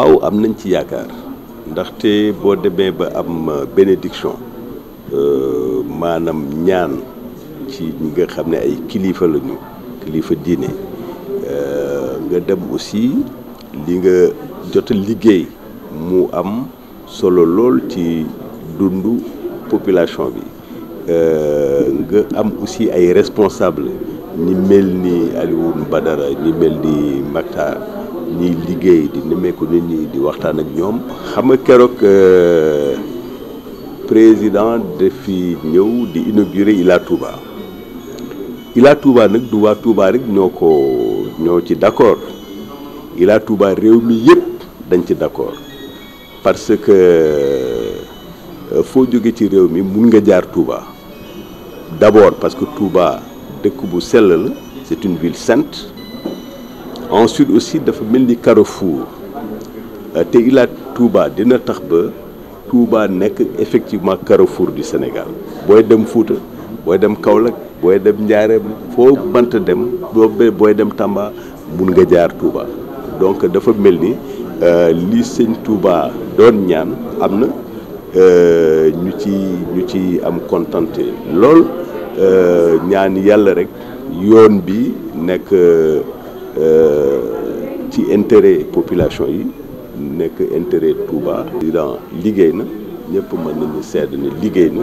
waaw am nañ ci yaakaar ndaxte boo demee ba am euh, bénédiction euh, maanaam ñaan ci ñi nga xam ne ay kilifa lañu kilifa diine euh, nga dem aussi li nga jot a liggéey mu am solo lool ci dundu population bi nga am aussi ay responsable ñi mel ni Alioune Badara ñi mel ni Mactar ñuy liggéey di nemmeeku nit ñi di waxtaan ak ñoom. xam nga keroog euh, président dafi ñëw di inaugurer Ila Touba Ila Touba nag du waa Touba rek ñoo ko ñoo ci d'accord Ila Touba réew mi yëpp dañ ci d'accord parce que euh, foo jóge ci réew mi mun nga jaar Touba d'abord parce que Touba dëkk bu sell la c'est une ville sainte. ensuite aussi dafa mel ni carrefour euh, te Ila Touba dina tax ba Touba nekk effectivement carrefour du Sénégal booy dem fuuta booy dem Kaolack booy dem Njaareem foo mënta dem boobu booy dem Tamba mun nga jaar tuuba donc dafa mel ni euh, li sëñ Touba doon ñaan am na euh, ñu ci ñu ci am contenté lool ñaan yàlla rek yoon bi nekk. Euh, ci intérêt population yi nekk intérêt Touba. président liggéey na ñëpp mën nañu sedd ni liggéey na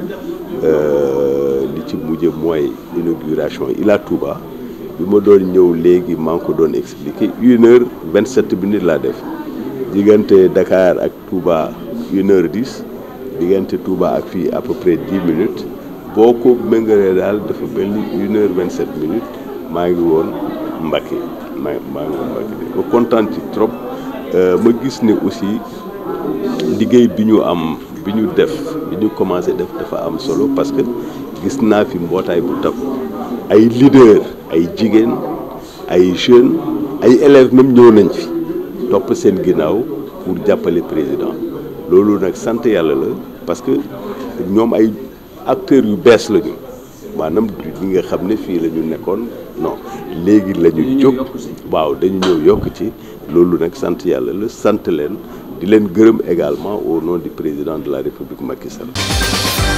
euh, li ci mujj mooy inauguration Ila Touba bi ma doon ñëw léegi maa ngi ko doon expliquer une heure vingt sept minutes laa def diggante Dakar ak Touba une heure dix diggante Touba ak fii à peu près dix minutes boo ko méngalee daal dafa mel ni une heure vingt sept minutes maa ngi woon Mbacké. maa maa ngi ma kontaan ci trop euh, ma gis ne aussi liggéey bi ñu am bi ñu def bi ñu commencé def dafa am solo parce que gis naa fi mbootaay bu tab ay leader ay jigéen ay jeunes ay élèves même ñëw nañ ci topp seen ginnaaw pour jàppale président loolu nag sant yàlla la parce que ñoom ay acteurs yu bees lañu maanaam ñi nga xam ne fii la ñu nekkoon non léegi la ñu jóg waaw dañu ñëw yokk ci loolu nag sant yàlla la sant leen di leen gërëm également au nom du président de la république Macky Sall